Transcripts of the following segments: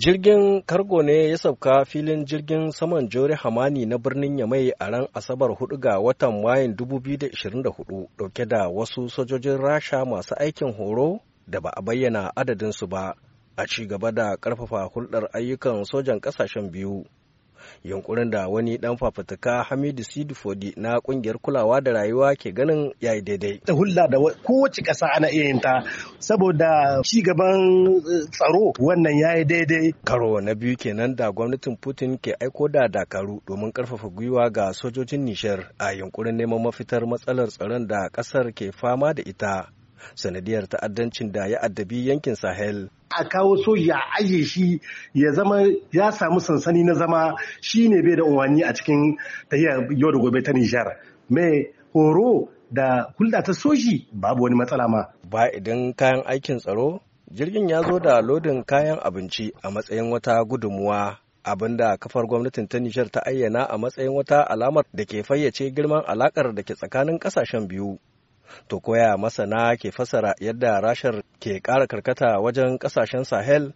Jirgin kargo ne ya sauka filin jirgin saman Jori Hamani na birnin Yamai a ran Asabar 4 ga watan Mayun 2024 dauke da wasu sojojin Rasha masu aikin horo da ba a bayyana adadinsu ba a ci gaba da ƙarfafa hulɗar ayyukan sojan ƙasashen biyu. yunkurin da wani dan fafutuka hamidu sidi fodi na kungiyar kulawa da rayuwa ke ganin ya yi daidai ta hulla da kowace ƙasa ana iya yin ta saboda ci gaban eh, tsaro wannan ya yi daidai karo na biyu kenan da gwamnatin putin ke aiko da dakaru domin karfafa gwiwa ga sojojin nishar a yunkurin neman mafitar matsalar tsaron da ƙasar ke fama da ita sanadiyar ta'addancin da ya addabi yankin Sahel. A kawo soja a aje shi ya zama ya samu sansani na zama shi ne bai da umarni a cikin tahiyar yau da gobe ta Nijar. Mai horo da hulɗa ta soji babu wani matsala ma. Ba idan kayan aikin tsaro jirgin ya zo da lodin kayan abinci a matsayin wata gudunmuwa abin da kafar gwamnatin ta Nijar ta ayyana a matsayin wata alamar da ke fayyace girman alakar da ke tsakanin kasashen biyu. To koya masana ke fasara yadda rashar ke ƙara karkata wajen ƙasashen Sahel?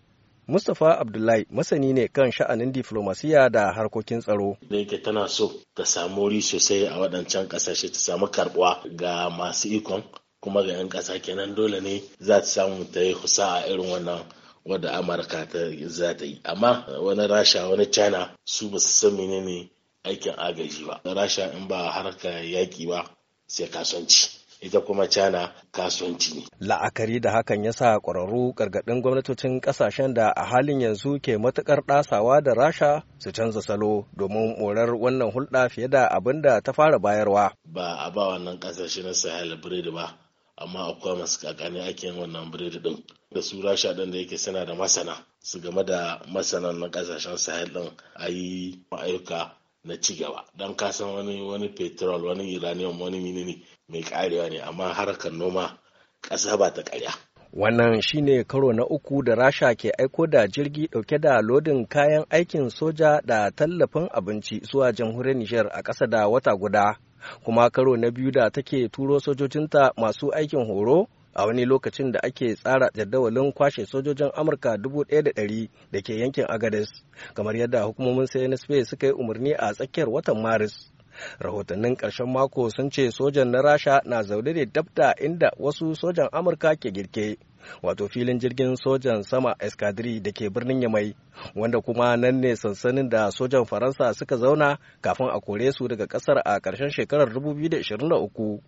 Mustapha Abdullahi masani ne kan sha'anin diflomasiya da harkokin tsaro. Da yake tana so ta samu wuri sosai a waɗancan ƙasashe ta samu karɓuwa ga masu ikon kuma ga 'yan ƙasa kenan dole ne za ta samu ta yi husa a irin wannan wadda Amurka ta za ta yi. Amma wani Rasha wani China su ba su san menene aikin agaji ba. Rasha in ba harka yaƙi ba sai kasuwanci. ita kuma cana kasuwanci ne. La'akari da hakan ya sa ƙwararru gargaɗin gwamnatocin ƙasashen da a halin yanzu ke matuƙar ɗasawa da rasha su canza salo domin morar wannan hulɗa fiye da abin da ta fara bayarwa. Ba a ba wannan ƙasashe na Sahel biredi ba, amma akwai masu kakani ake yin wannan biredi ɗin. Da su rasha ɗin da yake suna da masana, su game da masanan na ƙasashen Sahel ɗin a yi ayyuka na ci gaba don kasan wani wani petrol wani uranium wani minini mai karewa ne amma harkar noma ƙasa ba ta karya. wannan shine karo na uku da rasha ke aiko da jirgi dauke da lodin kayan aikin soja da tallafin abinci zuwa jamhuriyar nijar a ƙasa da wata guda kuma karo na biyu da take turo sojojinta masu aikin horo a wani lokacin da ake tsara jadawalin kwashe sojojin amurka 1,100 da ke yankin agades kamar yadda hukumomin cnsp suka yi umarni a tsakiyar watan maris rahotannin ƙarshen mako sun ce sojan na rasha na zaune da dabta inda wasu sojan amurka ke girke wato filin jirgin sojan sama escadri da ke birnin yamai wanda kuma nan ne sansanin da sojan faransa suka zauna kafin a kore su daga ƙasar a ƙarshen shekarar 2023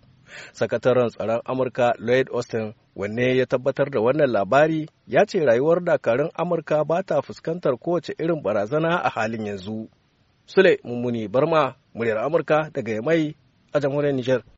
sakataren tsaron amurka lloyd austin wanne ya tabbatar da wannan labari ya ce rayuwar dakarun amurka ba ta fuskantar kowace irin barazana a halin yanzu sule mummuni barma muryar amurka daga yamai a jamhuriyar Nijar.